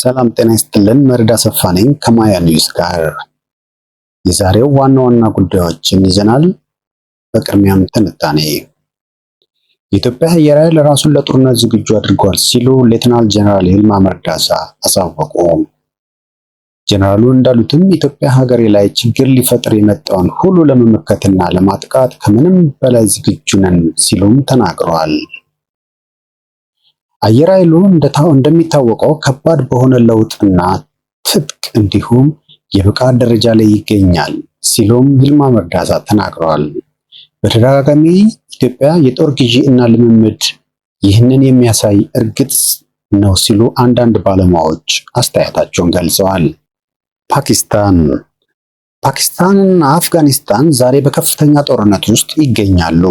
ሰላም ጤና ይስጥልን። መርዳ ሰፋ ነኝ ከማያ ኒውስ ጋር የዛሬው ዋና ዋና ጉዳዮችን ይዘናል። በቅድሚያም ትንታኔ። የኢትዮጵያ አየር ኃይል ራሱን ለጦርነት ዝግጁ አድርጓል ሲሉ ሌትናል ጀነራል ይልማ መርዳሳ አሳወቁ። ጀነራሉ እንዳሉትም ኢትዮጵያ ሀገሬ ላይ ችግር ሊፈጥር የመጣውን ሁሉ ለመመከትና ለማጥቃት ከምንም በላይ ዝግጁ ነን ሲሉም ተናግረዋል። አየር ኃይሉ እንደሚታወቀው ከባድ በሆነ ለውጥና ትጥቅ እንዲሁም የብቃት ደረጃ ላይ ይገኛል ሲሉም ይልማ መርዳሳ ተናግረዋል። በተደጋጋሚ ኢትዮጵያ የጦር ግዢ እና ልምምድ ይህንን የሚያሳይ እርግጥ ነው ሲሉ አንዳንድ ባለሙያዎች አስተያየታቸውን ገልጸዋል። ፓኪስታን ፓኪስታንና አፍጋኒስታን ዛሬ በከፍተኛ ጦርነት ውስጥ ይገኛሉ።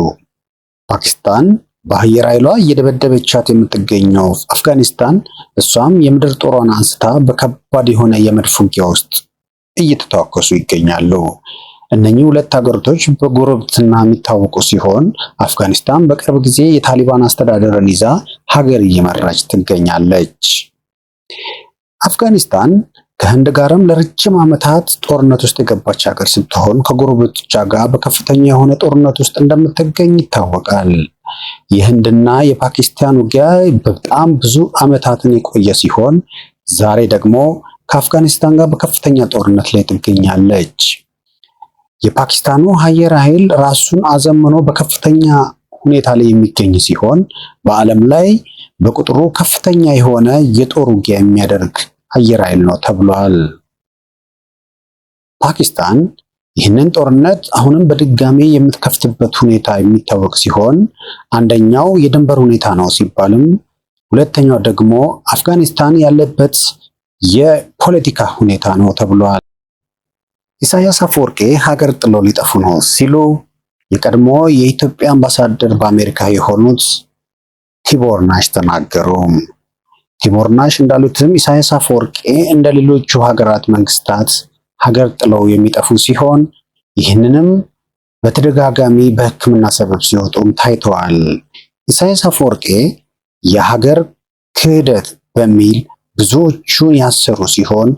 ፓኪስታን በአየር ኃይሏ እየደበደበቻት የምትገኘው አፍጋኒስታን እሷም የምድር ጦሯን አንስታ በከባድ የሆነ የመድፍ ውጊያ ውስጥ እየተተዋከሱ ይገኛሉ። እነኚህ ሁለት ሀገሮች በጉርብትና የሚታወቁ ሲሆን አፍጋኒስታን በቅርብ ጊዜ የታሊባን አስተዳደርን ይዛ ሀገር እየመራች ትገኛለች። አፍጋኒስታን ከህንድ ጋርም ለረጅም ዓመታት ጦርነት ውስጥ የገባች ሀገር ስትሆን ከጎረቤቶቿ ጋር በከፍተኛ የሆነ ጦርነት ውስጥ እንደምትገኝ ይታወቃል። የህንድና የፓኪስታን ውጊያ በጣም ብዙ ዓመታትን የቆየ ሲሆን ዛሬ ደግሞ ከአፍጋኒስታን ጋር በከፍተኛ ጦርነት ላይ ትገኛለች። የፓኪስታኑ አየር ኃይል ራሱን አዘምኖ በከፍተኛ ሁኔታ ላይ የሚገኝ ሲሆን በዓለም ላይ በቁጥሩ ከፍተኛ የሆነ የጦር ውጊያ የሚያደርግ አየር ኃይል ነው ተብሏል። ፓኪስታን ይህንን ጦርነት አሁንም በድጋሜ የምትከፍትበት ሁኔታ የሚታወቅ ሲሆን አንደኛው የድንበር ሁኔታ ነው ሲባልም፣ ሁለተኛው ደግሞ አፍጋኒስታን ያለበት የፖለቲካ ሁኔታ ነው ተብሏል። ኢሳያስ አፈወርቄ ሀገር ጥሎ ሊጠፉ ነው ሲሉ የቀድሞ የኢትዮጵያ አምባሳደር በአሜሪካ የሆኑት ቲቦር ናሽ ተናገሩ። ቲቦር ናሽ እንዳሉትም ኢሳያስ አፈወርቄ እንደ ሌሎቹ ሀገራት መንግስታት ሀገር ጥለው የሚጠፉ ሲሆን ይህንንም በተደጋጋሚ በሕክምና ሰበብ ሲወጡም ታይተዋል። ኢሳያስ አፈወርቄ የሀገር ክህደት በሚል ብዙዎቹን ያሰሩ ሲሆን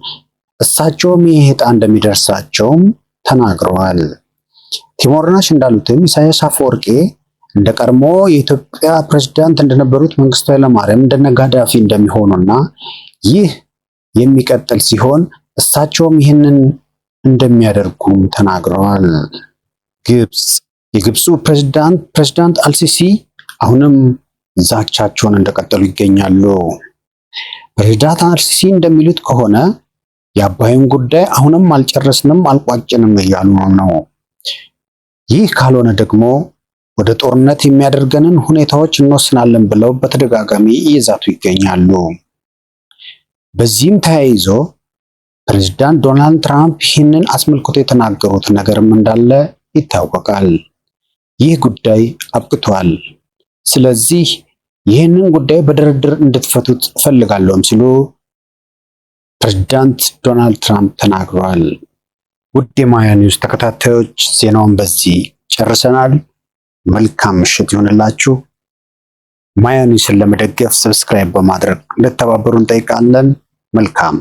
እሳቸውም ይህ ዕጣ እንደሚደርሳቸውም ተናግረዋል። ቲሞርናሽ እንዳሉትም ኢሳያስ አፈወርቄ እንደ ቀድሞ የኢትዮጵያ ፕሬዝዳንት እንደነበሩት መንግስቱ ኃይለማርያም እንደነ ጋዳፊ እንደሚሆኑና ይህ የሚቀጥል ሲሆን እሳቸውም ይህንን እንደሚያደርጉም ተናግረዋል። ግብፅ የግብፁ ፕሬዝዳንት ፕሬዝዳንት አልሲሲ አሁንም ዛቻቸውን እንደቀጠሉ ይገኛሉ። ፕሬዝዳንት አልሲሲ እንደሚሉት ከሆነ የአባይን ጉዳይ አሁንም አልጨረስንም አልቋጭንም እያሉ ነው። ይህ ካልሆነ ደግሞ ወደ ጦርነት የሚያደርገንን ሁኔታዎች እንወስናለን ብለው በተደጋጋሚ እየዛቱ ይገኛሉ። በዚህም ተያይዞ ፕሬዚዳንት ዶናልድ ትራምፕ ይህንን አስመልክቶ የተናገሩት ነገርም እንዳለ ይታወቃል። ይህ ጉዳይ አብቅቷል፣ ስለዚህ ይህንን ጉዳይ በድርድር እንድትፈቱት እፈልጋለሁም ሲሉ ፕሬዚዳንት ዶናልድ ትራምፕ ተናግረዋል። ውድ የማያ ኒውስ ተከታታዮች ዜናውን በዚህ ጨርሰናል። መልካም ምሽት ይሆንላችሁ። ማያ ኒውስን ለመደገፍ ሰብስክራይብ በማድረግ እንደተባበሩ እንጠይቃለን። መልካም